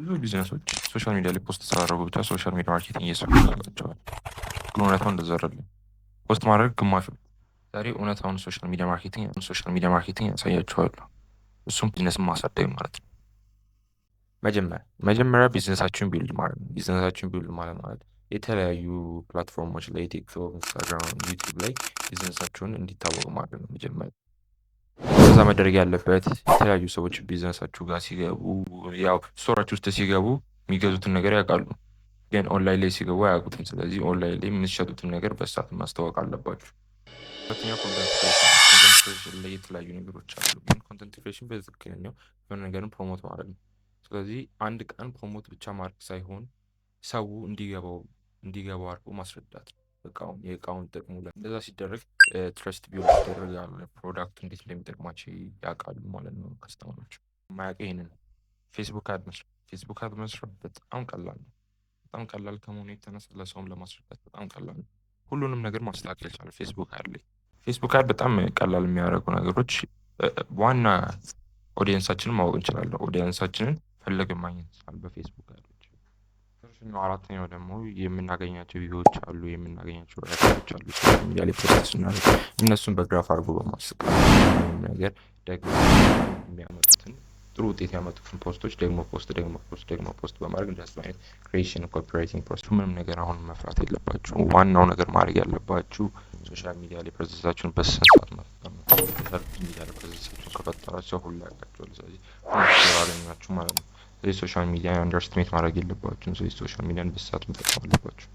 ብዙ ቢዝነሶች ሶሻል ሚዲያ ላይ ፖስት ስላደረጉ ብቻ ሶሻል ሚዲያ ማርኬቲንግ እየሰሩ ያላቸዋል። ግን እውነታው እንደዛ ፖስት ማድረግ ግማሽ ዛሬ እውነታውን ሶሻል ሚዲያ ማርኬቲንግ ሶሻል ሚዲያ ማርኬቲንግ ያሳያችኋለሁ። እሱም ቢዝነስን ማሳደግ ማለት ነው። መጀመሪያ መጀመሪያ ቢዝነሳችሁን ቢልድ ማለት ነው። ቢዝነሳችሁን ቢልድ ማለት ማለት የተለያዩ ፕላትፎርሞች ላይ ቲክቶክ፣ ኢንስታግራም፣ ዩቲዩብ ላይ ቢዝነሳችሁን እንዲታወቅ ማለት ነው መጀመሪያ እንደዛ መደረግ ያለበት የተለያዩ ሰዎች ቢዝነሳችሁ ጋር ሲገቡ ያው ስቶራችሁ ውስጥ ሲገቡ የሚገዙትን ነገር ያውቃሉ፣ ግን ኦንላይን ላይ ሲገቡ አያውቁትም። ስለዚህ ኦንላይን ላይ የምትሸጡትን ነገር በሳት ማስተዋወቅ አለባችሁ። ሁለተኛ ላይ የተለያዩ ነገሮች አሉ፣ ግን ኮንተንት በትክክለኛው የሆነ ነገርን ፕሮሞት ማድረግ ነው። ስለዚህ አንድ ቀን ፕሮሞት ብቻ ማድረግ ሳይሆን ሰው እንዲገባው እንዲገባው አድርጎ ማስረዳት ነው። እቃውን የእቃውን ጥቅሙ እንደዛ ሲደረግ ትረስት ቢሆን ይደረጋል። ፕሮዳክቱ እንዴት እንደሚጠቅማቸው ያውቃሉ ማለት ነው። ከስተመሮች ማያውቅ ይህንን ፌስቡክ አድ መስራት ፌስቡክ አድ መስራት በጣም ቀላል ነው። በጣም ቀላል ከመሆኑ የተነሳ ለሰውም ለማስረዳት በጣም ቀላል ነው። ሁሉንም ነገር ማስተካከል ይቻላል ፌስቡክ አድ ላይ። ፌስቡክ አድ በጣም ቀላል የሚያደርጉ ነገሮች ዋና ኦዲየንሳችንን ማወቅ እንችላለን። ኦዲየንሳችንን ፈለግን ማግኘት ይችላል በፌስቡክ አድ ሶስተኛው አራተኛው ደግሞ የምናገኛቸው ቪዎች አሉ የምናገኛቸው ሪያክቶች አሉ ሚዲያ ላይ ፕሮሰስ እናደርግ እነሱን በግራፍ አድርጎ በማስቀመጥ ነገር ደግሞ የሚያመጡትን ጥሩ ውጤት ያመጡትን ፖስቶች ደግሞ ፖስት ደግሞ ፖስት ደግሞ ፖስት በማድረግ እንደሱ አይነት ክሬሽን ኮፒራይቲንግ ፕሮሰስ ምንም ነገር አሁን መፍራት የለባችሁ። ዋናው ነገር ማድረግ ያለባችሁ ሶሻል ሚዲያ ላይ ፕሬዘንሳችሁን በስንት ሰዓት መፍጠር ነው። ሶሻል ሚዲያ ላይ ፕሬዘንሳችሁን ከፈጠራቸው ሁላ ያቃቸዋል። ስለዚህ ሁላ ማለት ነው ሶሻል ሚዲያ አንደርስትሜት ማድረግ የለባችሁም። ስለዚህ ሶሻል ሚዲያን በሳት መጠቀም አለባችሁ።